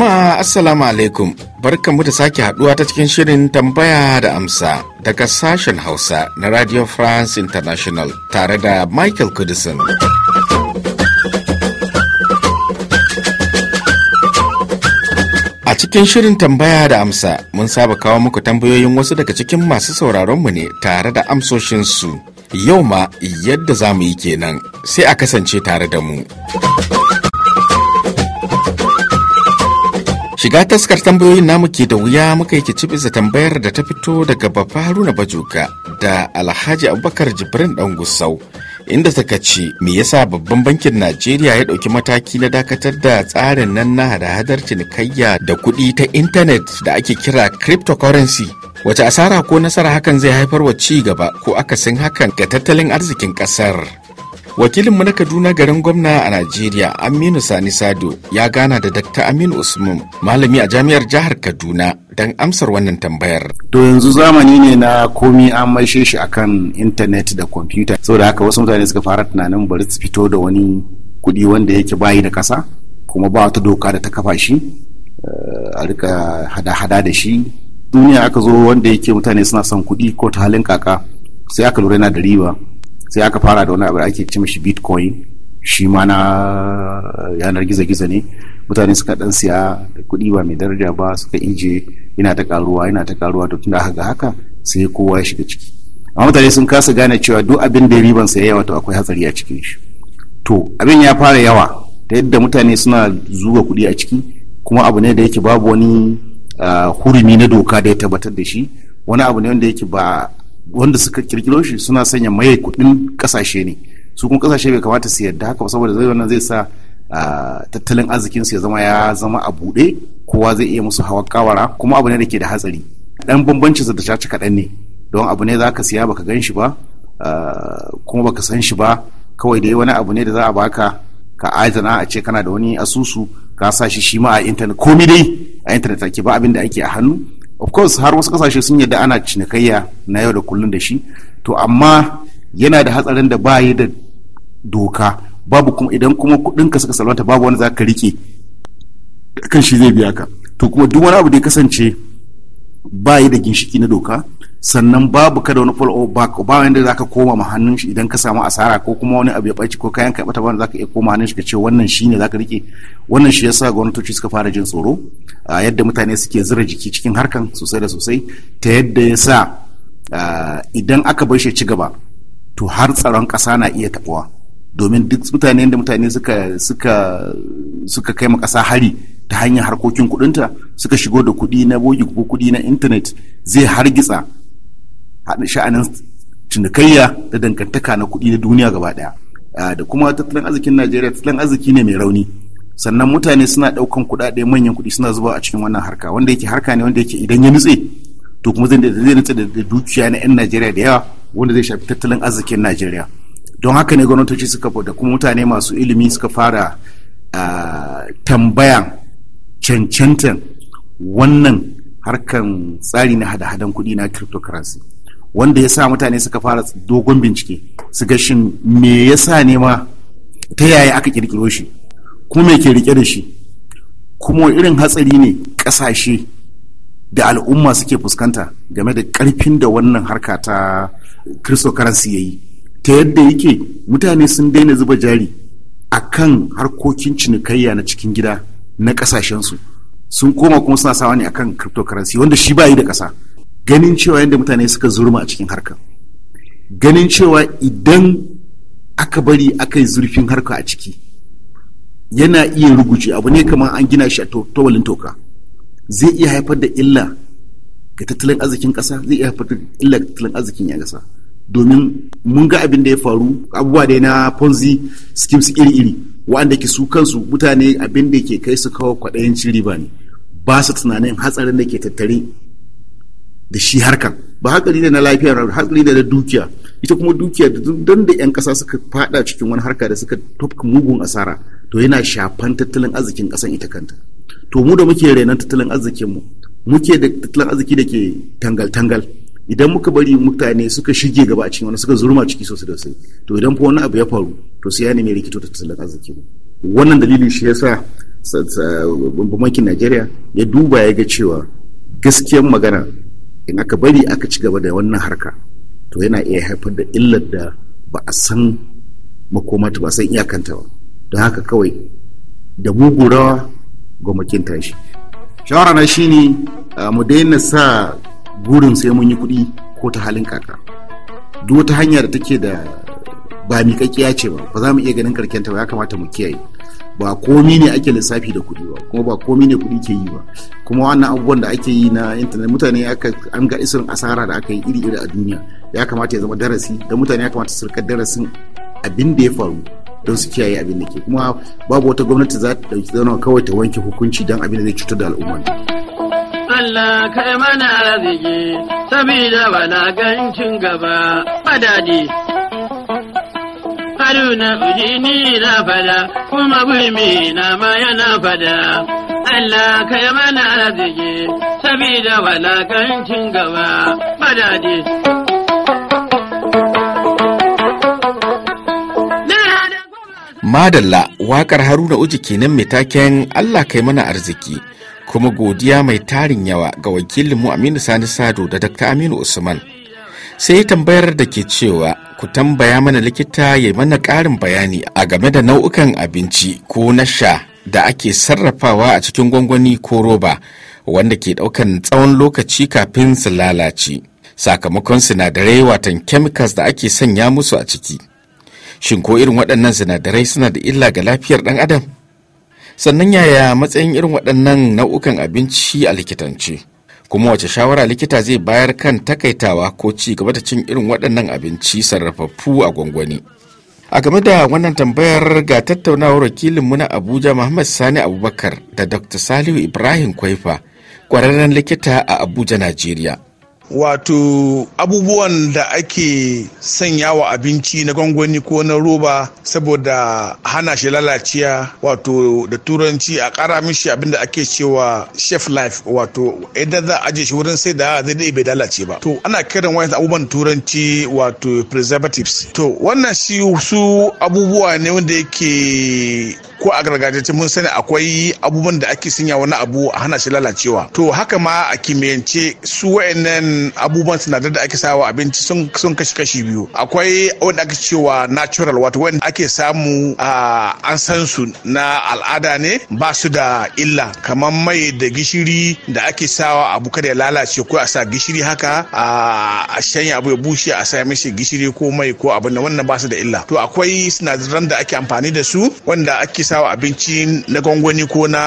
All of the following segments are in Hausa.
Jama'a Assalamu alaikum barkanmu da sake haduwa ta cikin shirin tambaya da amsa daga sashen Hausa na Radio France International tare da Michael Kudison. A cikin shirin tambaya da amsa mun saba kawo muku tambayoyin wasu daga cikin masu sauraronmu ne tare da amsoshinsu. Yau ma yadda za mu yi kenan sai a kasance tare da mu. Shiga taskar tambayoyin namu ke da wuya muka yi bisa tambayar da ta fito daga Baffa Haruna Bajuka da Alhaji Abubakar Jibrin ɗan Gusau. Inda suka ce me yasa babban bankin Najeriya ya ɗauki mataki na dakatar da tsarin nan na hada-hadar cinikayya da kuɗi ta intanet da ake kira cryptocurrency. Wace asara ko nasara hakan zai haifar wa ci gaba ko akasin hakan ga tattalin arzikin ƙasar. wakilinmu na kaduna garin gwamna a najeriya aminu sani sado ya gana da dakta aminu usman malami a jami'ar jihar kaduna don amsar wannan tambayar to yanzu zamani ne na komi an maishe shi akan intanet da kwamfuta saboda haka wasu mutane suka fara tunanin bari su fito da wani kudi wanda yake bayi da kasa kuma ba wata doka da ta kafa shi eh, a rika hada-hada da shi duniya aka zo wanda yake mutane suna son kudi ko ta halin kaka sai aka lura yana da riba sai aka fara da wani abu ake ce mishi bitcoin shi ma na yanar gizo-gizo ne mutane suka dan siya da kuɗi ba mai daraja ba suka ije yana ta karuwa yana ta karuwa to tunda aka ga haka sai kowa ya shiga ciki amma mutane sun kasa gane cewa duk abin da riban sa yawa to akwai hatsari a cikin shi to abin ya fara yawa ta yadda mutane suna zuwa kuɗi a ciki kuma abu ne da yake babu wani ah, hurumi na doka da ya tabbatar da shi wani abu ne wanda yake ba wanda suka kirkiro shi suna sanya maye kudin kasashe ne su kuma kasashe bai kamata su yarda haka saboda zai wannan zai sa tattalin arzikin su ya zama ya zama a bude. kowa zai iya musu hawa kawara kuma abu ne da ke da hatsari dan bambancin da ta kaɗan ne don abu ne za ka siya baka gan shi ba kuma baka san shi ba kawai dai wani abu ne da za a baka ka adana a ce kana da wani asusu ka sa shi shi ma a intanet komai dai a intanet ake ba abin da ake a hannu of course har wasu kasashe sun yadda ana cinikayya na yau da kullum da shi to amma yana da hatsarin da yi da doka babu kuma idan kuma ka suka salwanta babu wani za ka rike kan shi zai biya ka to kuma duk wani abu da ya kasance bayi da ginshiki na doka sannan babu kada wani follow back ba wanda zaka koma ma hannun shi idan ka samu asara ko kuma wani abu ya barci ko kayan ka bata ba zaka iya koma hannun shi ka ce wannan shine zaka rike wannan shi yasa gwamnatoci suka fara jin tsoro a yadda mutane suke zira jiki cikin harkan sosai da sosai ta yadda ya sa idan aka bar shi ci gaba to har tsaron ƙasa na iya tabuwa domin duk mutane da mutane suka suka suka kai ma ƙasa hari ta hanyar harkokin kuɗinta suka shigo da kuɗi na bogi ko kuɗi na intanet zai hargitsa haɗin sha'anin cinikayya da dangantaka na kuɗi na duniya gaba ɗaya ah, da kuma tattalin arzikin najeriya tattalin arziki ne mai rauni sannan mutane suna ɗaukan kuɗaɗe manyan kuɗi suna zuba a cikin wannan harka wanda yake harka ne wanda yake idan ya nutse to kuma zai nutse da dukiya na 'yan najeriya da yawa wanda zai shafi tattalin arzikin najeriya don haka ne gwamnatoci suka da kuma mutane masu ilimi suka fara ah, tambayan cancantan wannan harkan tsari na hada-hadan kuɗi na cryptocurrency wanda ya sa mutane suka fara dogon bincike su ga shin me ya sa ne ta yaya aka kirkiro shi kuma me ke rike da shi kuma irin hatsari ne ƙasashe da al'umma suke fuskanta game da ƙarfin da wannan harka ta cryptocurrency ya yi ta yadda yake mutane sun daina zuba jari a kan harkokin cinikayya na cikin gida na ƙasashensu sun koma kuma suna sawa ne a akan cryptocurrency wanda shi ba yi da ƙasa ganin cewa yadda mutane suka zurma a cikin harka ganin cewa idan aka bari aka yi zurfin harka a ciki yana iya ruguci abu ne kamar an gina shi a tawalin toka zai iya haifar da illa ga tattalin arzikin ƙasa zai iya haifar da illa ga tattalin arzikin ya ƙasa domin mun ga abin da ya faru abubuwa da na ponzi schemes iri-iri waɗanda ke su kansu mutane abin da ke kai su kawo kwaɗayin cin riba ne ba su tunanin hatsarin da ke tattare da shi harkan ba hankali ne na lafiya hankali ne na dukiya ita kuma dukiya da don da 'yan kasa suka faɗa cikin wani harka da suka tafka mugun asara to yana shafan tattalin arzikin kasan ita kanta to mu da muke renon tattalin arzikin mu muke da tattalin arziki da ke tangal-tangal idan muka bari mutane suka shige gaba a cikin wani suka zurma ciki sosai da sosai to idan fa wani abu ya faru to sai ya nemi rikito tattalin arziki wannan dalilin shi ya sa-sa bankin Najeriya ya duba ya ga cewa gaskiyar magana in aka bari aka ci gaba da wannan harka to yana iya haifar da illar da ba a san makomata ba san iyakanta ba don haka kawai da mugu ga gwamakin tashi shawara na shine mu daina sa gurin sai mun yi kuɗi ko ta halin kaka duk wata hanya da take da ba miƙaƙiya ce ba ba za mu iya ganin karkenta ba ya kamata mu kiyaye ba komi ne ake lissafi da kuɗi ba kuma ba komi ne kuɗi ke yi ba kuma wannan abubuwan da ake yi na intanet mutane aka an ga isirin asara da aka yi iri iri a duniya ya kamata ya zama darasi da mutane ya kamata su rika darasin abin da ya faru don su kiyaye abin da ke kuma babu wata gwamnati za ta dauki zauna kawai ta wanke hukunci don abin da zai cutar da al'umma Allah kai mana arziki sabida bana gancin gaba madadi haruna ujini na fada kuma burmi na ma yana fada Allah ka yi mana arziki sabida walakancin gaba madadi. Madalla waƙar Haruna Uji kenan mai taken Allah kai mana arziki kuma godiya mai tarin yawa ga wakilinmu Aminu Sani Sado da Dr. Aminu Usman. sai tambayar da ke cewa ku tambaya mana likita ya mana ƙarin bayani a game da nau'ukan abinci ko na sha da ake sarrafawa a cikin gwangwani ko roba wanda ke ɗaukan tsawon lokaci kafin su lalace sakamakon sinadarai watan chemicals da ake sanya musu a ciki shin ko irin waɗannan sinadarai suna da illa ga lafiyar ɗan adam sannan yaya matsayin irin waɗannan nau'ukan abinci a likitance kuma wace shawara likita zai bayar kan takaitawa ko ci gaba da cin irin waɗannan abinci sarrafaffu a gwangwani a game da wannan tambayar ga tattaunawar wakilinmu na abuja muhammad sani abubakar da dr salihu ibrahim kwaifa kwararren likita a abuja najeriya wato abubuwan da ake sanya wa abinci na gwangwani ko na roba saboda hana shi lalaciya wato da turanci a kara mishi abinda ake cewa chef life wato idan za a aje shi wurin sai da zai dai bai lalace ba to ana kiran wani abubuwan turanci wato preservatives to wannan shi su abubuwa ne wanda yake ko a gargajiyance mun sani akwai abubuwan da ake sanya wani abu a hana shi lalacewa to haka ma a kimiyyance su wayannan abubuwan sinadar da ake sawa abinci sun kashi kashi biyu akwai wanda ake cewa natural wato wanda ake samu a an san su na al'ada ne ba su da illa kamar mai da gishiri da ake sawa abu kada ya lalace ko a sa gishiri haka a shanya abu ya bushe a sa mishi gishiri ko mai ko abin da wannan ba su da illa to akwai sinadaran da ake amfani da su wanda ake wa abinci na gwangwani ko na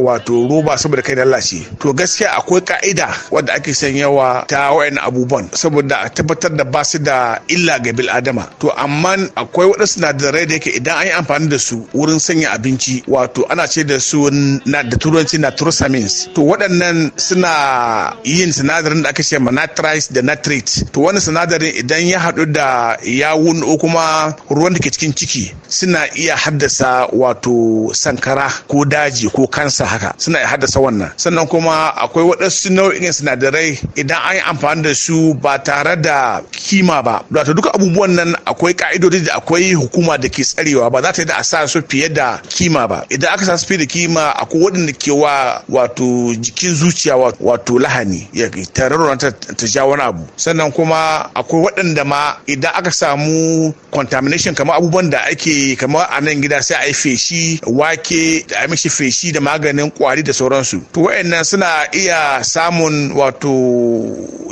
wato roba saboda kai lalace to gaskiya akwai ka'ida wadda ake sanyawa ta wayan abubuwan saboda a tabbatar da basu da illa ga bil adama to amma akwai waɗansu sinadarai da yake idan an yi amfani da su wurin sanya abinci wato ana ce da su na da turanci nitrosamines to waɗannan suna yin sinadarin da aka ce ma nitrites da nitrate to wani sinadarin idan ya haɗu da yawun ko kuma ruwan da ke cikin ciki suna iya haddasa wato wato sankara ko daji ko kansa haka suna haddasa wannan sannan kuma akwai waɗansu nau'in sinadarai idan an yi amfani da su ba tare da kima ba wato duka abubuwan nan akwai ka'idodi da akwai hukuma da ke tsarewa ba za ta yi da a sa su fiye da kima ba idan aka sa su fiye da kima akwai waɗanda ke wa wato jikin zuciya wato lahani ya tararwa ta ja wani abu sannan kuma akwai waɗanda ma idan aka samu contamination kamar abubuwan da ake kamar a nan gida sai a yi feshi wake da a mishi feshi da maganin kwari da sauransu to wayannan suna iya samun wato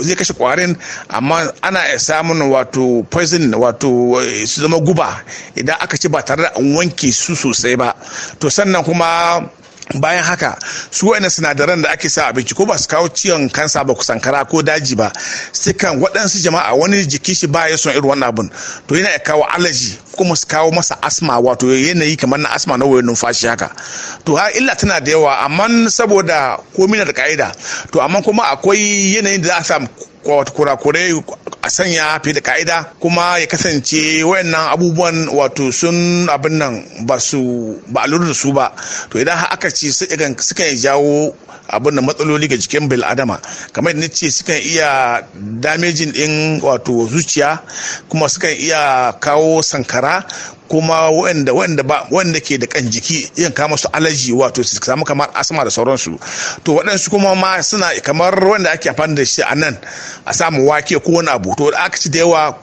zai kashe kwarin amma ana samun wato poison wato eh, su zama guba idan aka ci ba tare da an wanke su sosai ba to sannan kuma bayan haka su wani sinadaran da ake sa abinci ko ba su kawo ciwon kansa ba sankara ko daji ba kan waɗansu jama'a wani jiki shi ba ya son irin wannan abin to yana ya kawo alaji kuma su kawo masa asma wato yanayi kamar na asma na wayan numfashi haka to ha illa tana da yawa amma saboda komai da ka'ida to amma kuma akwai yanayin da za a samu wato kurakurai a sanya fi da ka'ida kuma ya kasance wayannan abubuwan wato sun abin nan ba su ba lura da su ba to idan aka ce suka jawo abin da matsaloli ga jikin bil adama kamar yadda ce sukan iya damejin din wato zuciya kuma sukan iya kawo sankara kuma wanda ke da kan jiki yin kama su alaji wato su samu kamar asma da sauransu to waɗansu kuma ma suna kamar wanda ake amfani da shi a nan a samu wake ko wani abu to da aka ci da yawa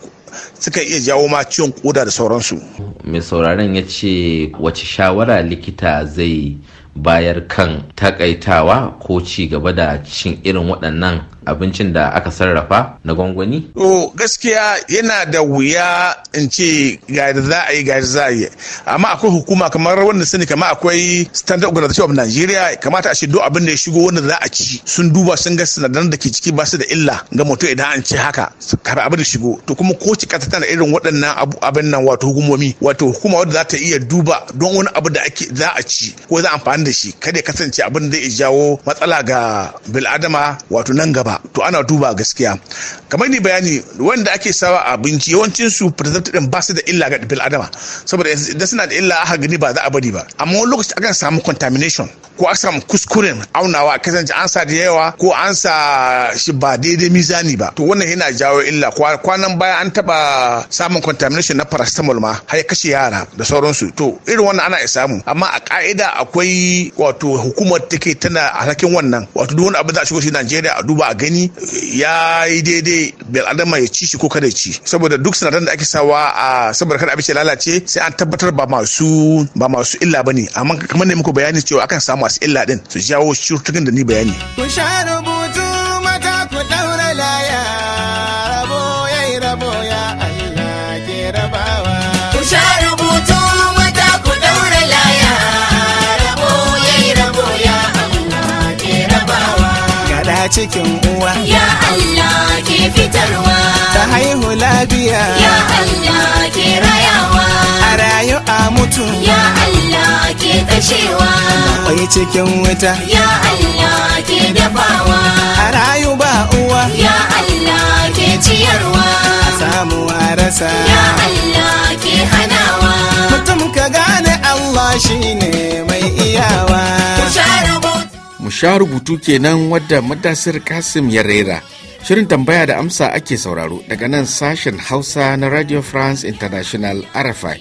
suka iya jawo ma ciwon koda da sauransu mai sauraron ya ce wace shawara likita zai bayar kan takaitawa ko ci gaba da cin irin waɗannan abincin da aka sarrafa na gwangwani? To gaskiya yana da wuya in ce ga da za a yi ga za a yi amma akwai hukuma kamar wanda sani kamar akwai standard organization of Nigeria kamata a ce duk abin da ya shigo wanda za a ci sun duba sun ga sinadaran da ke ciki ba su da illa ga mutum idan an ci haka kar abin da shigo to kuma ko ci katata da irin waɗannan abin nan wato hukumomi wato hukuma wadda za ta iya duba don wani abu da ake za a ci ko za a amfani da shi kada ya kasance abin da zai jawo matsala ga bil'adama wato nan gaba to ana duba gaskiya kamar ni bayani wanda ake sawa abinci yawancin su din ba su da illa ga bil adama saboda idan suna da illa aka gani ba za a bari ba amma wani lokaci akan samu contamination ko a samu kuskuren aunawa a kasance an sa da yawa ko an sa shi ba daidai mizani ba to wannan yana jawo illa kwanan baya an taba samun contamination na paracetamol ma har kashe yara da sauransu to irin wannan ana samu amma a ka'ida akwai wato hukumar take tana a wannan wato duk wani abu za a shigo shi Najeriya a duba a gani ya yi daidai bil adama ya ci shi ko kada ci saboda duk sanadan da ake sawa a saboda kada abinci lalace sai an tabbatar ba masu ba masu illa bane amma kamar ne muku bayani cewa akan samu masu illa din su jawo cututtukan da ni bayani ku sha rubutu mata ku daura laya rabo yayi rabo ya Allah ke rabawa ku sha rubutu mata ku daura laya rabo yayi rabo ya Allah ke rabawa cikin haihuwa ya Allah ke fitarwa ta haihu lafiya ya Allah ke rayawa a rayu a mutu ya Allah ke tashewa akwai cikin wuta ya Allah ke dafawa a rayu ba uwa ya Allah ke ciyarwa a samu a rasa ya Allah ke hanawa mutum ka gane Allah shine mai iyawa ka mu sha rubutu kenan wadda madasir kasim ya rera shirin tambaya da amsa ake sauraro daga nan sashen hausa na radio france international rfi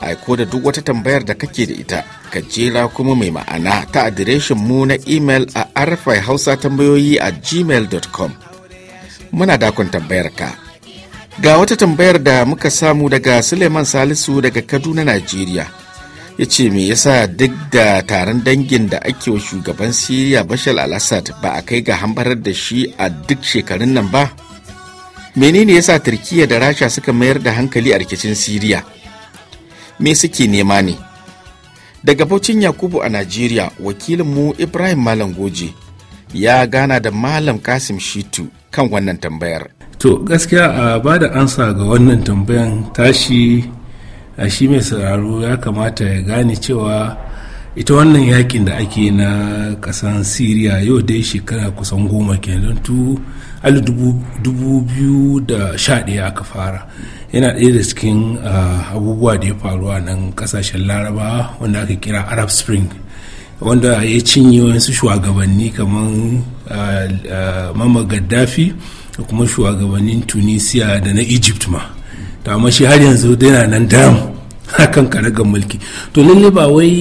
aiko da duk wata tambayar da kake da ita ka jera kuma mai ma'ana ta adireshin mu na email a rfi hausa tambayoyi a gmail.com muna dakon tambayar ka ga wata tambayar da muka samu daga suleiman salisu daga kaduna najeriya ya ce me yasa duk da taron dangin da ake wa shugaban siriya bashar al-assad ba a kai ga hambarar da shi a duk shekarun nan ba menene yasa turkiya da rasha suka mayar da hankali a rikicin siriya me suke nema ne daga baucin yakubu a najeriya wakilinmu ibrahim malam goje ya gana da malam kasim shitu kan wannan tambayar to gaskiya a ba da ansa ga wannan tambayan tashi shi mai sauraro ya kamata ya gane cewa ita wannan yakin da ake na kasan siriya yau dai shekara kusan goma kenan tu dubu biyu da sha ɗaya aka fara yana ɗaya da cikin abubuwa da ya faru a nan kasashen laraba wanda aka kira arab spring wanda ya cinye wasu shugabanni kamar mama gaddafi da kuma shugabannin tunisia da na egypt ma to amma shi har yanzu yana nan daram kan karagar mulki to lalle ba wai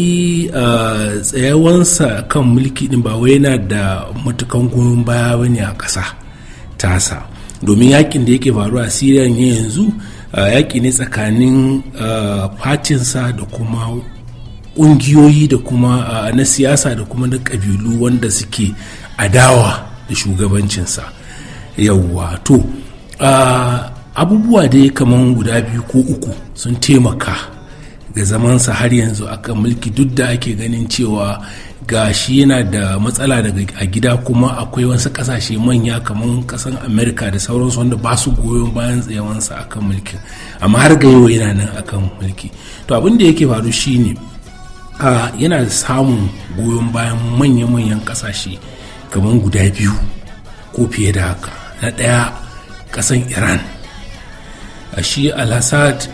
tsayawansa kan mulki din ba wai yana da matukan goyon baya bane a ƙasa tasa domin yakin da yake faruwa a syria ne yanzu yaki ne tsakanin fatinsa da kuma ƙungiyoyi da kuma na siyasa da kuma na ƙabilu wanda suke adawa da shugabancinsa yauwa to abubuwa dai kaman guda biyu ko uku sun taimaka ga zamansa har yanzu akan mulki duk da ake ganin cewa ga shi yana da matsala daga a gida kuma akwai wasu kasashe manya kamar kasan amerika da sauransu wanda ba su goyon bayan tsayawansa akan mulki amma har ga yau yana nan akan mulki to abin da yake faru shine a yana samun goyon bayan manya-manyan kasashe kamar guda biyu ko fiye da haka na ɗaya kasan iran a shi alhassad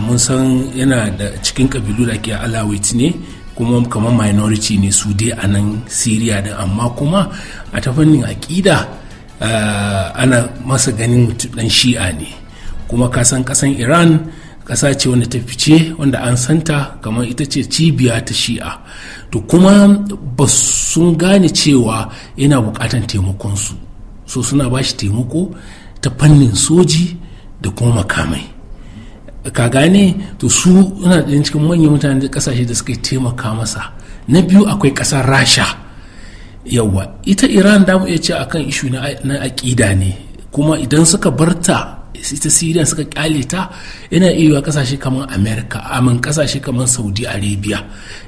mun san yana da cikin kabilu da ke alawit ne kuma kamar minority ne su dai a nan syria din amma kuma a ta fannin aƙida ana masa ganin dan shi'a ne kuma kasan kasan iran ƙasa ce wanda ta fice wanda an santa kamar ita ce cibiya ta shi'a to kuma ba sun gane cewa yana bukatan taimakonsu so suna ba shi taimako ta fannin soji da kuma makamai ka gane to su yana da cikin manyan mutane da kasashe da suka taimaka masa na biyu akwai kasar rasha yawa ita iran da mu iya ce akan ishu na aƙida ne kuma idan suka barta ita siriya suka kyale ta yana iya kasashe kamar america amin kasashe kamar saudi arabia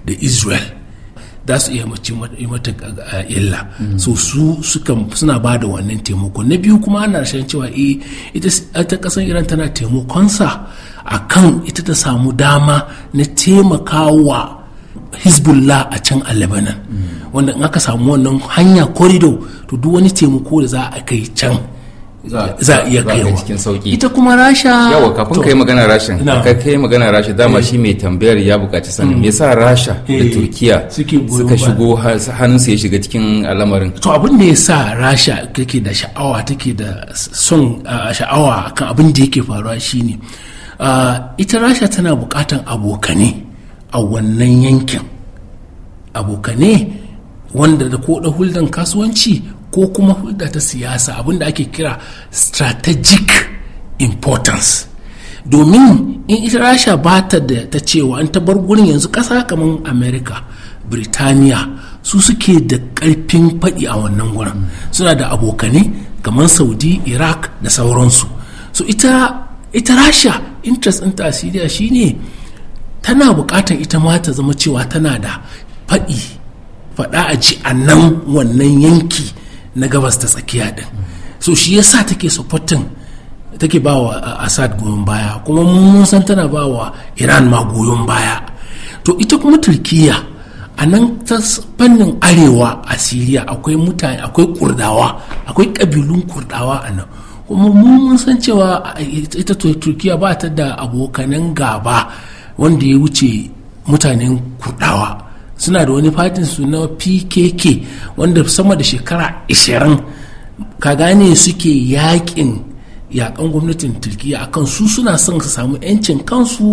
da israel za su iya mace mata illa so su suna ba da wannan taimako na biyu kuma ana shan cewa eh, ita kasan iran tana taimakonsa a kan ita ta samu dama na taimakawa hezbollah a can a lebanon wanda in aka samu wannan hanya korido to duk wani taimako da za a kai can za a iya kaiwa cikin ita kuma rasha yawa kafin kai magana rasha kai kai magana rasha dama eh. shi mai tambayar ya bukaci sanin me yasa rasha da eh, turkiya suka shigo hannun su ya shiga cikin al'amarin to abin da yasa rasha kake da sha'awa take da son sha'awa kan abin da yake faruwa shine ita rasha tana bukatan abokane a wannan yankin abokane wanda da ko da huldan kasuwanci ko kuma hulɗa ta siyasa abinda ake kira strategic importance domin in ita rasha ba ta da ta cewa an bar gurin yanzu ƙasa kamar america birtaniya su suke da ƙarfin faɗi a wannan wurin suna da abokanai kamar saudi iraq da sauransu so ita ita rasha interest in tasiriya shi shine tana buƙatar ita ma ta zama cewa tana da faɗi faɗa a ji a nan wannan yanki na gabas ta tsakiya din so shi yasa take supportin take ba wa uh, assad goyon baya kuma mun san tana ba wa iran ma goyon baya to ita kuma turkiya a nan ta fannin arewa a siriya akwai mutane akwai kurdawa akwai kabilun kurdawa a nan kuma mun san cewa uh, ita turkiya ba ta da abokanan gaba wanda ya wuce mutanen kurdawa suna da wani fatin su na pkk wanda sama da shekara 20 ka gane suke yakin yakan gwamnatin turkiya akan su suna son su samu 'yancin kansu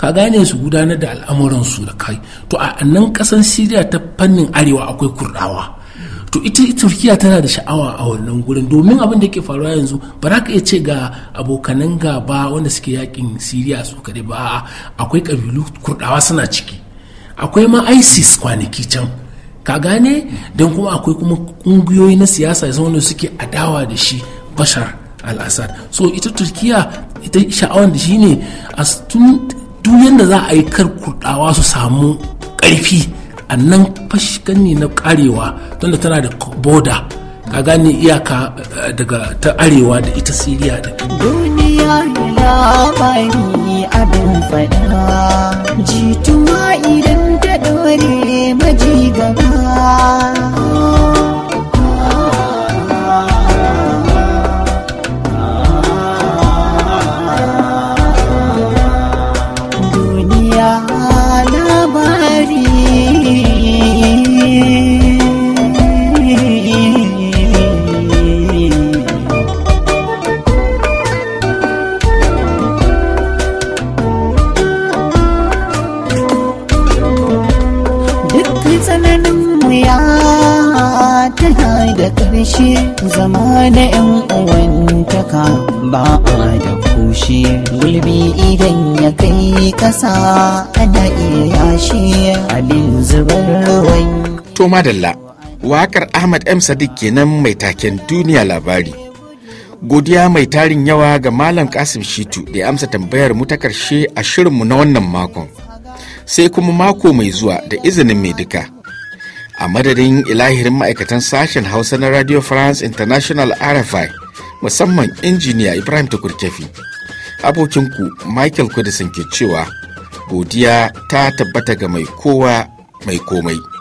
ka gane su gudanar da al'amuransu da kai to a nan kasan syria ta fannin arewa akwai kurdawa to ita turkiya tana da sha'awa a wannan gurin domin abin da ke faruwa yanzu ba za ka iya ce ga abokanan gaba wanda suke yakin syria su kare ba akwai kabilu kurdawa suna ciki akwai ma isis kwanaki can ka gane don kuma akwai kuma kungiyoyi na siyasa ya wanda suke adawa da shi bashar al-assad so ita turkiya ita sha'awar da shi ne a duniyan da za a yi kar kurdawa su samu karfi a nan fashikan ne na karewa don da tana da boda ka gane iyaka eh, daga ta arewa da ita siriya da duniya labari abin fada jituwa बरे मजी गवा tushe zama da yan uwantaka ba a da kushi gulbi idan ya kai kasa ana iya yashi abin zubar ruwan to madalla wakar ahmad m sadiq kenan mai taken duniya labari godiya mai tarin yawa ga malam kasim shitu da ya amsa tambayar mu ta karshe a shirinmu na wannan makon sai kuma mako mai zuwa da izinin mai duka a madadin ilahirin ma'aikatan sashen hausa na radio france international rfi musamman injiniya ibrahim tukurkefi abokinku michael kudisin ke cewa godiya ta tabbata ga mai kowa mai komai.